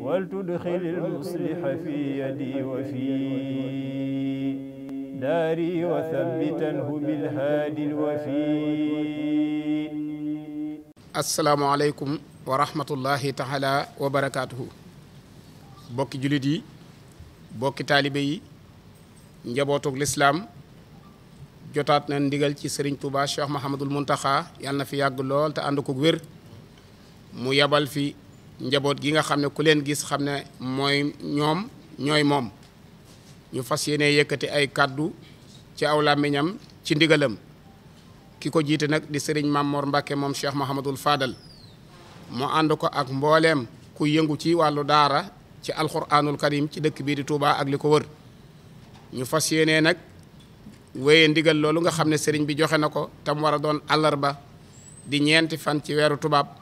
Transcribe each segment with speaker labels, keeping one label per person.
Speaker 1: ولتدخل المصلح في يدي وفي داري وثبتنه بالهادي الوفي
Speaker 2: السلام عليكم ورحمة الله تعالى وبركاته بوكي جلدي bokki taalibe yi njabootug lislaam jotaat na ndigal ci sëriñ Touba Cheikh Mahamadul Muntaxa yàlla na fi yàgg lool te ànd ko wér mu yabal fi njaboot gi nga xam ne ku leen gis xam ne mooy ñoom ñooy moom ñu fas yéene yëkkati ay kàddu ci aw làmmiñam ci ndigalam ki ko jiite nag di sëriñ Mamor Mbacke moom Cheikh Mahamadul faadal mu ànd ko ak mbooleem ku yëngu ci wàllu daara ci alxuraanul karim ci dëkk bii di Touba ak li ko wër ñu fas yéene nag wéye ndigal loolu nga xam ne sëriñ bi joxe na ko tam war a doon àllarba di ñeenti fan ci weeru tubaab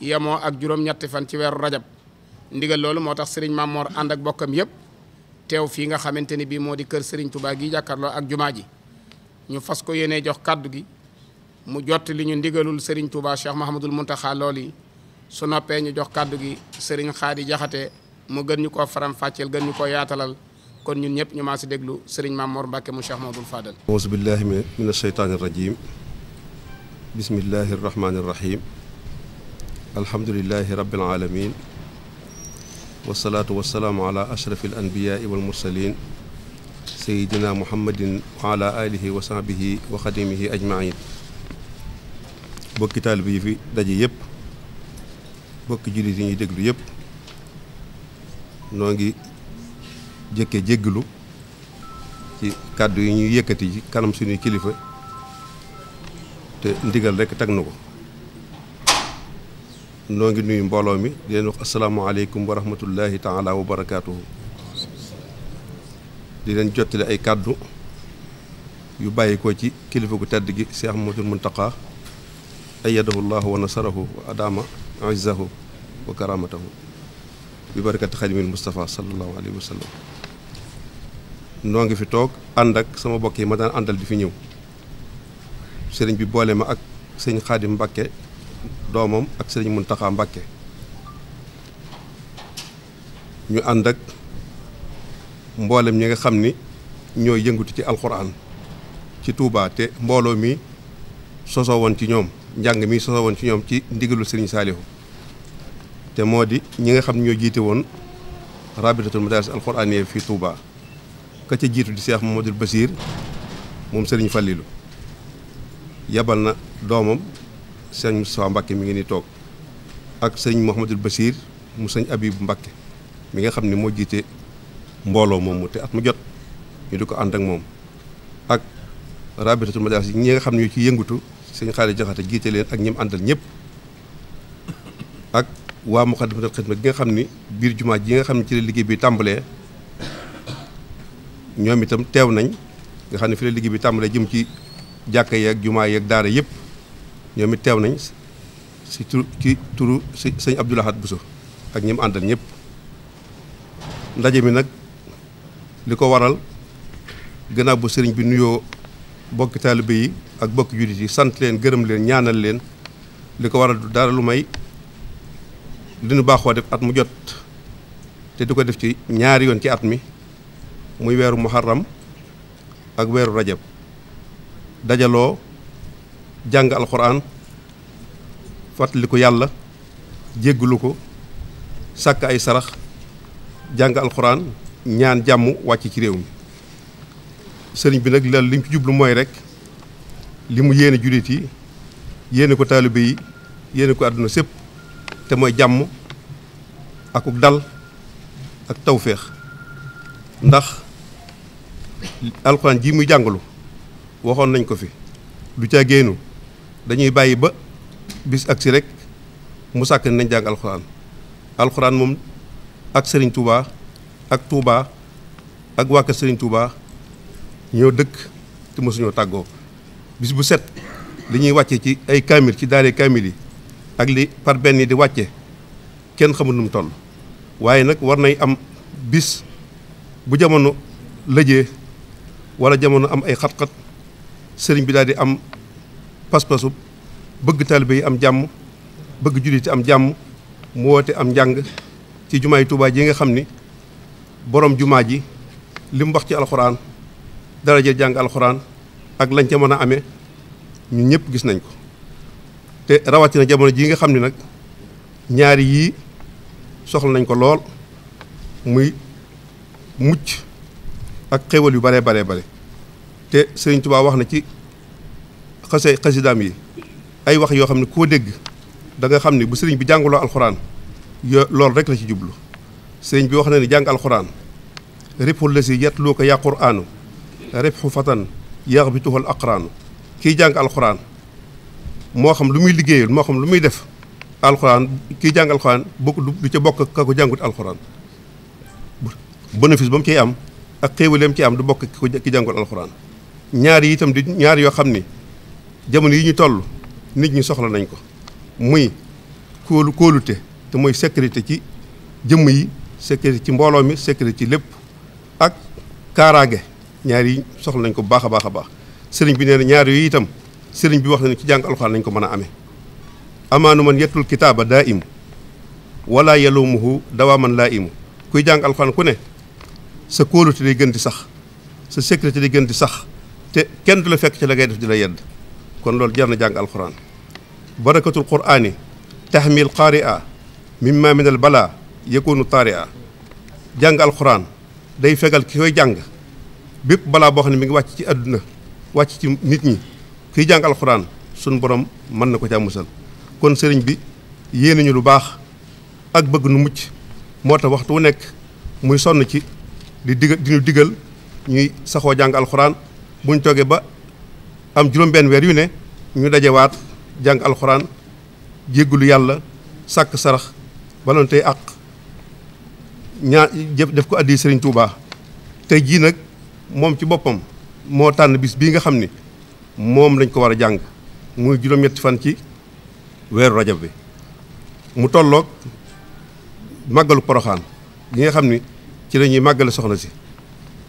Speaker 2: yemoo ak juróom-ñetti fan ci weeru rajab ndigal loolu moo tax sëriñ Mamor ànd ak bokkam yëpp teew fii nga xamante ni bii moo di kër sëriñ Touba gi jàkkaarloo ak jumaa ji ñu fas ko yéenee jox kàddu gi mu jot li ñu ndigalul sëriñ Touba Cheikh Mahamadul Muntaxa lool yi su noppee ñu jox kàddu gi sëriñ Xaadi Jaxate mu gën ñu ko faram-fàcceel gën ñu koo yaatalal kon ñun ñëpp ñu maa si déglu sëriñ Mamor Mbàkke mu Cheikh Mahamadul Fadal
Speaker 3: auzu billahi min asheytaani rajim bismillahi rahmaani rahim alhamdulilahi rabbil alamin wasalaatu wasalaamu ala ashrafi al anbiyaai wal mursalin sayidina muhammadin wa ala alihi wa sahbihi wa xadimihi ajmain bokki taalibe yi fi daje yëpp bokki jullit yi ñuy déglu yëpp noo ngi jëkke jéggalu ci kàddu yi ñuy yëkkati ci kanam suñuy kilifa te ndigal rekk tag na ko noo ngi nuyu mbooloo mi di leen wax asalaamaaleykum wa rahmatullahi taala wa barakaatuhu di leen ay kàddu yu bàyyi ko ci kilifa gu tedd gi Cheikh Mouhamadoul Mountakha ayyadahu llahu wa nasarahu wa adama izzahu wa karamatahu bi barakati xadimil Moustapha sallallahu alayhi wa sallam noo ngi fi toog ànd ak sama mbokk yi ma daan àndal di fi ñëw sëriñ bi boole ma ak sëñ Xaadim Mbàkke doomam ak sëriñ Muntaxa Mbàkke ñu ànd ak mboolem ñi nga xam ni ñooy yëngatu ci alxuraan ci Touba te mbooloo mi sosoo woon ci ñoom njàng mi sosoo woon ci ñoom ci ndigalul sëriñ Saalihu te moo di ñi nga xam ne ñoo jiite woon rabitatul madaaris alxuraaniyya fii Touba ka ci jiitu di Seex Mamadul Basiir moom sëriñ Fàllilu yebal na doomam sëñ Moustapha Mbacke mi ngi ni toog ak sëñ Mouhamadul Bachir mu sëñ Abib Mbacke mi nga xam ne moo jiite mbooloo moomu te at mu jot ñu di ko ànd ak moom ak rabitatul madaas yi ñi nga xam ne ñu ci yëngutu sëñ Xaali Jaxate jiite leen ak ñim àndal ñëpp ak waa Muqaddamatul Xidma gi nga xam ni biir jumaa ji nga xam ne ci la liggéey bi tàmbalee ñoom itam teew nañ nga xam ne fi la liggéey bi tàmbalee jëm ci jàkka yeeg jumaa yeeg daara yëpp ñoom it teew nañ si tur ci turu si sëñ buso ak ñi àndal ñëpp ndaje mi nag li ko waral gannaaw bu sëriñ bi nuyoo bokki taalibe yi ak bokki jullit yi sant leen gërëm leen ñaanal leen li ko waral du dara lu may li nu baaxoo def at mu jot te du ko def ci ñaari yoon ci at mi muy weeru muharram ak weeru rajab dajaloo jàng alxuraan fàttaliku yàlla jéggulu ko sàkk ay sarax jàng alxuraan ñaan jàmm wàcc ci réew mi sëriñ bi nag loolu li mu ci jublu mooy rek li mu yéene jullit yi yéene ko taalibe yi yéene ko àdduna sépp te mooy jàmm akuk dal ak tawféex ndax alxuraan ji muy jàngalu waxoon nañ ko fi du ca génnu dañuy bàyyi ba bis agsi rek mu sàkk nañ jàng alxuraan alxuraan moom ak sëriñ Touba ak Touba ak waa kër sëriñ Touba ñoo dëkk te mosuñoo tàggoo bis bu set li ñuy wàcce ci ay kaamil ci daaree kaamil yi ak li par benn yi di wàcce kenn xamul nu toll waaye nag war nay am bis bu jamono lëjee wala jamono am ay xat-xat sëriñ bi daal di am pas-pasu bëgg taalibe yi am jàmm bëgg julliti am jàmm mu woote am njàng ci jumaay Tuubaa ji nga xam ni borom jumaa ji li mu wax ci alxuraan daraje jàng alxuraan ak lañ jamono mën a amee ñëpp gis nañ ko te rawatina jamono jii nga xam ni nag ñaari yii soxla nañ ko lool muy mucc ak xéwal yu baree baree bare te Sëriñ Tuubaa wax na ci xase xasidaam yi ay wax yoo xam ne koo dégg da xam ne bu sëriñ bi jàngaloo alxuraan yo loolu rek la ci jublu sëriñ bi wax na ni jàng alxuraan ribxu lasi yatluu ko yaa quraanu ribxu fatan yaxbituhu al aqraanu alxuraan moo xam lu muy liggéeyul moo lu muy def alxuraan kiy jàng alxuraan bokk du ca bokk ka ko jàngut alxuraan bénéfice ba mu ciy am ak xéewaleem ci am du bokk ki jàngul alxuraan ñaar yi itam di ñaar yoo xam ni jamono yi ñu toll nit ñi soxla nañ ko muy kóolu kóolute te mooy sécurité ci jëmm yi sécurité ci mbooloo mi sécurité ci lépp ak kaaraage ñaar yi soxla nañ ko bu baax a baax a baax sëriñ bi nee na ñaar yooyu itam sëriñ bi wax na ci jàng alxuraan nañ ko mën a amee amaanu man yettul kitaaba daa imu wala yalumuhu dawaa man laa imu kuy jàng alxuraan ku ne sa kóolute day gën di sax sa sécurité day gën di sax te kenn du la fekk ci la ngay def di la yedd kon loolu jar na jàng alquran barakatul qur'ani tahmil qaari'a mimma min al bala yakunu taari'a jàng alquran day fegal ki koy jàng bépp balaa boo xam ne mi ngi wàcc ci àdduna wàcc ci nit ñi kiy jàng alxuraan sunu borom mën na ko ca musal kon sëriñ bi yéene ñu lu baax ak bëgg nu mucc moo tax waxtu wu nekk muy sonn ci di digal di ñu ñuy saxoo jàng alxuraan buñ toogee ba am juróom-benn weer yu ne ñu dajewaat jàng alxuraan jéggulu yàlla sàkk sarax baloon tey àq ñaa def ko addi Serigne Touba tey jii nag moom ci boppam moo tànn bis bii nga xam ni moom lañ ko war a jàng muy juróom-ñetti fan ci weeru rajab bi mu tolloog màggalu poroxaan gi nga xam ni ci lañuy ñuy màggale soxna si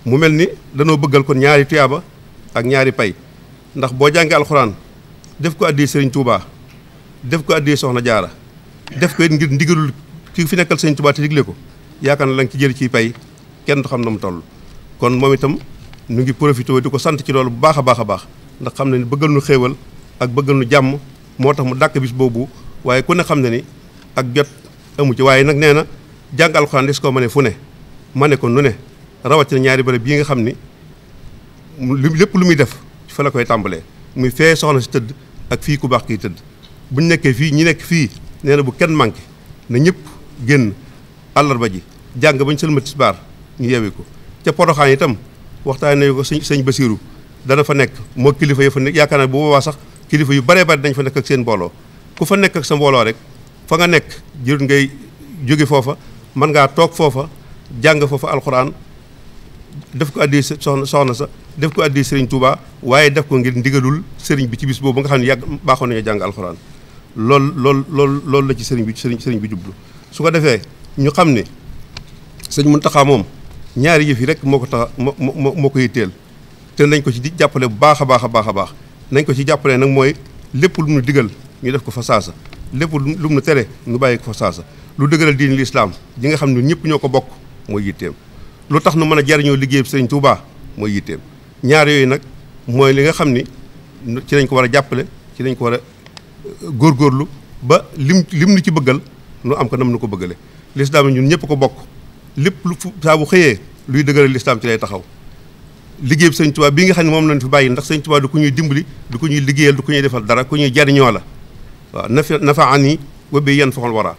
Speaker 3: mu mel ni danoo bëggal kon ñaari tuyaaba ak ñaari pay ndax boo jàngee alxuraan def ko addi sëriñ Touba def ko addi soxna jaara def ko it ngir ndigalul ki fi nekkal sëriñ Touba te digle ko yaakaar na lañ nga ci jël ci pay kenn du xam na mu toll kon moom itam nu ngi profité di ko sant ci loolu bu baax a baax a baax ndax xam ne ni bëggal nu xéewal ak bëggal nu jàmm moo tax mu dàkk bis boobu waaye ku ne xam ne ni ak jot amu waaye nag nee na jàng alxuraan des koo ma ne fu ne ma ne ko nu ne rawatina ñaari bërëb bii nga xam ni lépp lu muy def fa la koy tàmbalee muy fee soxna si tëdd ak fii ku baax kiy tëdd bu ñu nekkee fii ñu nekk fii nee na bu kenn manqué na ñëpp génn àllarba ji jàng bañ sëlma baar ñu yewi ko ca poroxaan itam waxtaan nañu ko sëñ sëñ Basiiru dana fa nekk moo kilifa yi fa nekk yaakaar naa bu boobaa sax kilifa yu baree bari dañ fa nekk ak seen mbooloo ku fa nekk ak sa mbooloo rek fa nga nekk jërut ngay jóge foofa mën ngaa toog foofa jàng foofa alxuraan def ko addee soxna soxna sa def ko addee sëriñ Touba waaye def ko ngir digalul sëriñ bi ci bis boobu nga xam ne yàgg baaxoon nañu jàng alxuraan lool lool lool loolu la ci sëriñ bi sëriñ sëriñ bi jublu su ko defee ñu xam ne sëñ Muntaxa moom ñaari yëf yi rek moo ko tax moo moo ko yitteel te nañ ko ci di jàppale bu baax a baax a baax a baax nañ ko ci jàppale nag mooy lépp lu mu digal ñu def ko fa saasa lépp lu mu tere ñu bàyyi ko fa saasa lu dëgëral diin lislaam ji nga xam ne ñëpp ñoo ko bokk mooy yitteem lu tax nu mën a jariñoo liggéeyub sëriñ Touba mooy yitteem ñaar yooyu nag mooy li nga xam ni ci lañ ko war a jàppale ci lañ ko war a góor euh, góorgóorlu ba lim lim ni ci bëggal nu am ko nam nu ko bëggale lislaam ñun ñëpp ko bokk lépp lu fu saa bu xëyee luy dëgëral lislaam ci lay taxaw liggéeyub sëriñ Touba bii nga xam ne moom lañ fi bàyyi ndax sëñ Touba du ku ñuy dimbali du ku ñuy liggéeyal du ku ñuy defal dara ku ñuy jariñoo la waaw nafa an yi wa bi yan faxol wara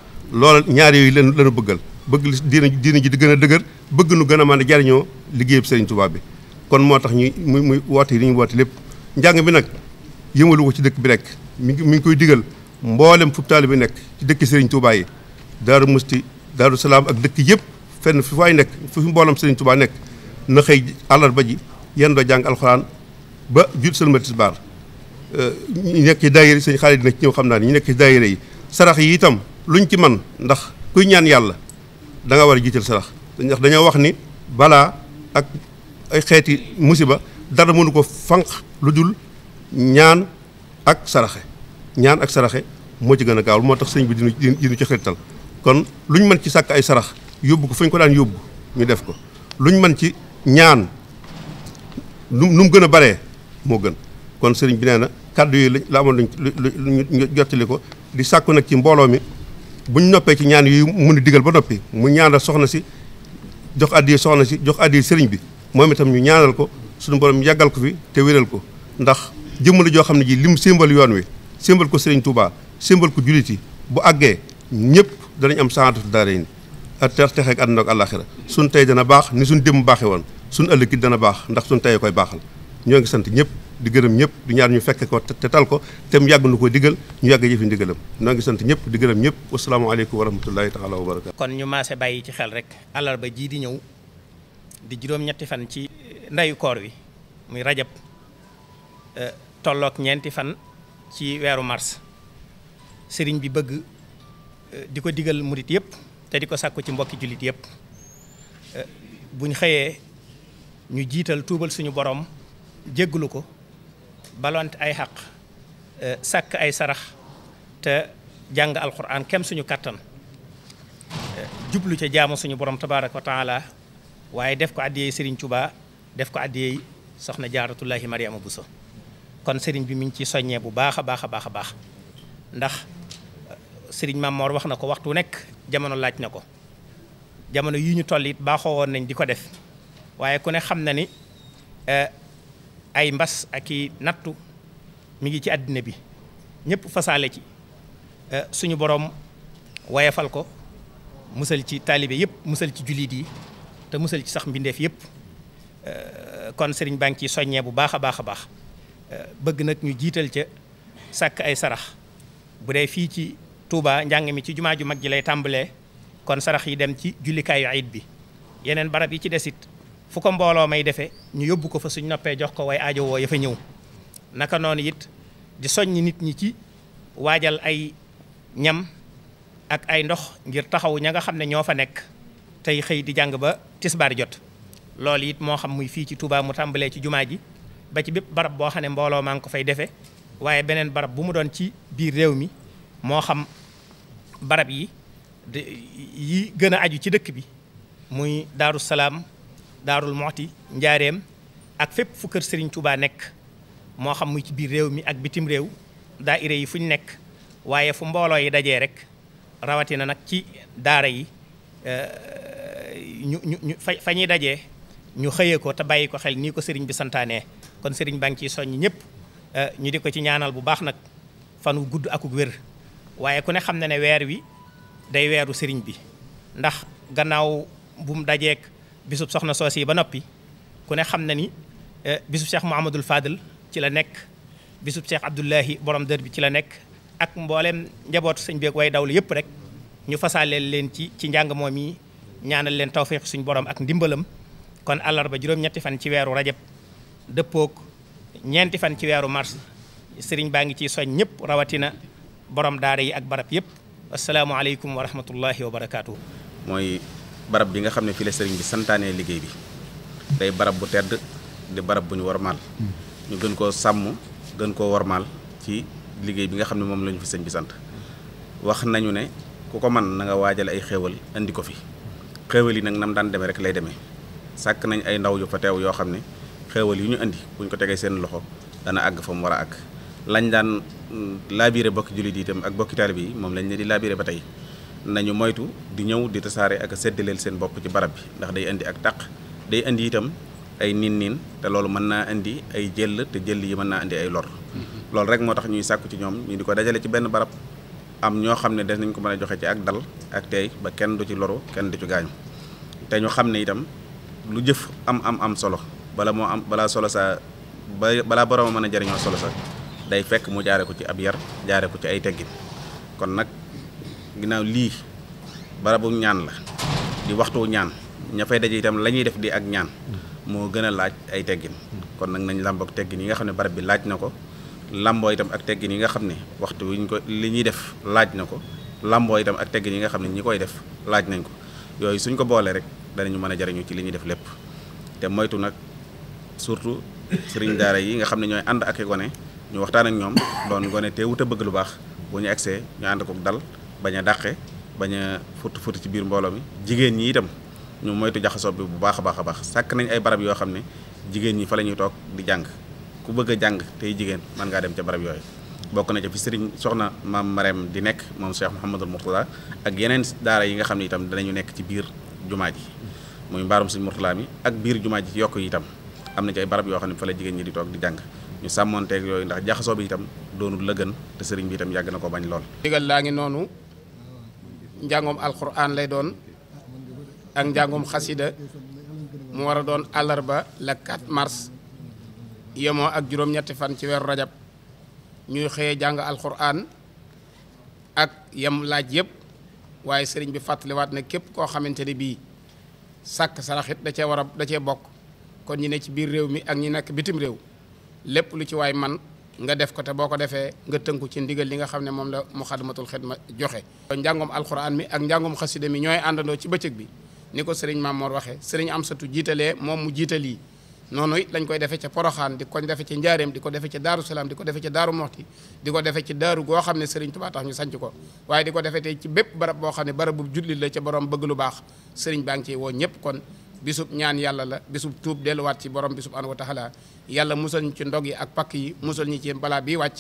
Speaker 3: ñaar yooyu leen lanu bëggal bëgg diina diina ji di gën a dëgër bëgg nu gën a mën a jariñoo liggéeyub Serigne Touba bi kon moo tax ñu muy muy woote yi ñu woote lépp njàng bi nag yëmalu ko ci dëkk bi rek mi ngi mi ngi koy digal mboolem fu taalibe bi nekk ci dëkki Serigne Touba yi Daaru Musti Daaru Salaam ak dëkk yëpp fenn fi faay nekk fi mbooloom Serigne Touba nekk na xëy àllarba ji yéen doo jàng alxuraan ba jul sëlma tisbaar euh, ñu nekk ci daayira yi sëñ xaalis dina ñëw xam naa ñu nekk ci yi sarax yi itam luñ ci man ndax kuy ñaan yàlla danga war a jiital sarax ndax dañoo wax ni balaa ak ay xeeti musiba dara mënu ko fanq lu dul ñaan ak saraxe ñaan ak saraxe moo ci gën a gaaw moo tax sëñ bi dinu dinu ci xirtal kon lu ñu mën ci sàkk ay sarax yóbbu ko fu ñu ko daan yóbbu ñu def ko lu ñu mën ci ñaan nu nu mu gën a baree moo gën kon sëriñ bi nee na kàddu yi la amoon luñ lu ñu jottali ko di sàkku nag ci mbooloo mi buñ noppee ci ñaan yu mun a digal ba noppi mu ñaanal soxna si jox addi soxna si jox addi sëriñ bi moom itam ñu ñaanal ko suñu borom yàggal ko fi te wéral ko ndax jëmm la joo xam ne ji lim sémbal yoon wi sémbal ko sëriñ Touba sémbal ko jullit yi bu àggee ñëpp danañ am saanatu daara yi ak teex teex ak àdduna ak àllaaxira suñ tey dana baax ni suñ démb baaxee woon suñ ëllëg it dana baax ndax suñ tey koy baaxal ñoo ngi sant ñëpp di gërëm ñëpp du ñaar ñu fekke ko te tal ko te mu yàgg nu ko digal ñu yàgg jëfi ndigalam noo ngi sant ñëpp di gërëm ñëpp wasalaamaaleykum wa rahmatullahi taala wa barakaatu
Speaker 1: kon ñu maase bàyyi ci xel rek ba jii di ñëw di juróom-ñetti fan ci ndeyu koor wi muy rajab e, tollook ñeenti fan ci weeru mars sëriñ bi bëgg e, di ko digal murit yëpp te di ko sàkku ci mbokki jullit yëpp e, buñ xëyee ñu jiital tuubal suñu borom jégglu ko balonte ay xaq euh, sàkk ay sarax te jàng alquran kem suñu kattan euh, jublu ca jaamu suñu borom tabaaraka wa taala waaye def ko addiyey Serigne Touba def ko addiyey soxna jaaratullahi bu so kon sëriñ bi mu ngi ciy soññee bu baax a baax a baax a baax ndax euh, Serigne Mamor wax na ko waxtu nekk jamono laaj na ko jamono yi ñu toll baaxoo woon nañ di ko def waaye ku ne xam na ni. ay mbas ak i nattu mu ngi ci àddina bi ñëpp fasaale ci eh, suñu boroom wayefal ko musal ci taalibe yëpp musal ci jullit yi te musal ci sax mbindeef yëpp eh, kon sëriñ baa ngi ciy soññee bu baax a baax a baax eh, bëgg nag ñu jiital ca sàkk ay sarax bu dee fii ci Touba njàng mi ci jumaa ju mag ji lay tàmbalee kon sarax yi dem ci jullikaayu ayit bi yeneen barab yi ci desit fu ko mbooloo may defee ñu yóbbu ko fa suñ noppee jox ko way ajo woo ya fa ñëw naka noonu it di soññ nit ñi ci waajal ay ñam ak ay ndox ngir taxaw ña nga xam ne ñoo fa nekk tey xëy di jàng ba tisbaar jot loolu it moo xam muy fii ci Touba mu tàmbalee ci jumaa ji ba ci bépp barab boo xam ne mbooloo maa ngi ko fay defee waaye beneen barab bu mu doon ci biir réew mi moo xam barab yi yi gën a aju ci dëkk bi muy Daaru Salaam daarul mooti njaareem ak fépp fu kër Serigne Touba nekk moo xam muy ci biir réew mi ak bitim réew daa daayira yi fu ñu nekk waaye fu mbooloo yi dajee rek rawatina nag ci daara yi euh, ñu ñu ñu fa ñuy dajee ñu xëyee ko te bàyyi ko xel nii ko Serigne bi santaanee kon Serigne baa ngi ciy soññ ñëpp euh, ñu di ko ci ñaanal bu baax nag fan wu gudd akuk wér waaye ku ne xam na ne weer wi day weeru sëriñ bi ndax gannaaw bu mu dajeek bisub soxna soos yi ba noppi ku ne xam na ni eh, bisub cheikh Mouhamadul Fadel ci la nekk bisub cheikh Abdullahi borom dër bi ci la nekk ak mbooleem njabootu sëñ beeg way dawlu yëpp rek ñu fasaaleel leen ci ci njàng moom yi ñaanal leen tawféex suñ borom ak ndimbalam kon àllarba juróom-ñetti fan ci weeru rajab dëppook ñeenti fan ci weeru mars sëriñ baa ngi ciy soñ ñëpp rawatina borom daara yi ak barab yëpp asalaamualeykum wa rahmatullahi wa barakaatu.
Speaker 4: barab bi nga xam ne fi la sëriñ bi santaanee liggéey bi day barab bu tedd di barab bu ñu warmaal hmm. ñu gën koo sàmm gën koo warmaal ci liggéey bi nga xam ne moom lañu fi sëñ bi sant wax nañu ne ku ko man na nga waajal ay xéewal indi ko fi xéewal yi nag nam daan demee rek lay demee sàkk nañ ay ndaw yu fa teew yoo xam ne xéewal yu ñu indi buñ ko tegee seen loxo dana àgg fa mu war a àgg lañ daan hmm, laabiré bokki jullit yi ak bokki taalibe yi moom lañ ne di laabiré ba tey nañu moytu di ñëw di tasaare ak a seddaleel seen bopp ci barab bi ndax day indi ak taq day indi itam ay nin niin te loolu mën naa indi ay jëll te jëll yi mën naa indi ay lor mm-hmm. loolu rek moo tax ñuy sàkku ci ñoom ñu di ko dajale ci benn barab am ñoo xam ne des nañ ko mën a joxe ci ak dal ak tey ba kenn du ci loru kenn du ci gaañu te ñu xam ne itam lu jëf am am am solo bala moo am balaa solo sa balaa borom a mën a jariñoo solo sa day fekk mu jaare ko ci ab yar jaare ko ci ay teggin ginnaaw lii barabu ñaan la di waxtu ñaan ña fay daje itam la ñuy def di ak ñaan moo gën a laaj ay teggin kon nag nañ làmboo ak teggin yi nga xam ne barab bi laaj na ko làmboo itam ak teggin yi nga xam ne waxtu wi ñu ko li ñuy def laaj na ko làmboo itam ak teggin yi nga xam ne ñi koy def laaj nañ ko yooyu suñ ko boolee rek danañu mën a jariñu ci li ñuy def lépp te moytu nag surtout sëriñ daara yi nga xam ne ñooy ànd ak i gone ñu waxtaan ak ñoom doon gone te wut bëgg lu baax bu ñu agsee ñu ànd ko dal bañ a dàqe bañ a futt futt ci biir mbooloo mi jigéen ñi itam ñu moytu jaxasoo bi bu baax a baax a baax sàkk nañ ay barab yoo xam ne jigéen ñi fa la ñuy toog di jàng ku bëgg a tey jigéen mën dem ca barab yooyu bokk na ca sëriñ soxna maam Marème di nekk moom Cheikh Mouhamadul Mourtada ak yeneen daara yi nga xam ne itam danañu nekk ci biir jumaa ji muy mbaarum sëriñ Mourtada mi ak biir jumaa ji yokk yi itam am na ci ay barab yoo xam ne fa la jigéen ñi di toog di jàng ñu sàmmoonteeg yooyu ndax jaxasoo bi itam doonul la gën te sëriñ bi itam yàgg na ko
Speaker 2: bañ lool njàngoom alxuraan lay doon ak njàngum xasida mu war a doon àllarba le 4 mars yemoo ak juróom-ñetti fan ci weeru rajab ñuy xëyee jàng alxuraan ak yem laaj yëpp waaye sëriñ bi fàttaliwaat na képp koo xamante ni bii sàkk saraxit da cee war a da cee bokk kon ñi ne ci biir réew mi ak ñi nekk bitim réew lépp lu ci waay man nga def ko te boo ko defee nga tënku ci ndigal li nga xam ne moom la mu muxadamatul ma joxe. njàngum alxuraan mi ak njàngoom xasida mi ñooy àndandoo ci bëccëg bi ni ko sëriñ moo waxee sëriñ Amsatu jiitalee moom mu jiital yi noonu it lañ koy defee ca Poroxaan di ko defe ca Njaareem di ko defee ca Daaru Salaam di ko defee ca Daaru Moxti di ko defee ci daaru goo xam ne sëriñ Tuubaa tax ñu sanc ko waaye di ko defee tey ci bépp barab boo xam ne barab bu la ca borom bëgg lu baax sëriñ baa ngi woo ñëpp kon bisub ñaan yàlla la bisub tuub delluwaat ci borom bi subhanahu wa taala yàlla musal ñu ci ndog yi ak pakk yi musal ñu ci balaa bi wàcc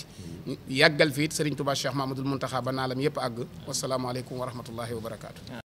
Speaker 2: yàggal fii it Serigne Touba Cheikh
Speaker 1: Mahmadul Muntaxa ba naalam yëpp àgg wasalaamualeykum wa rahmatullahi wa barakaatu.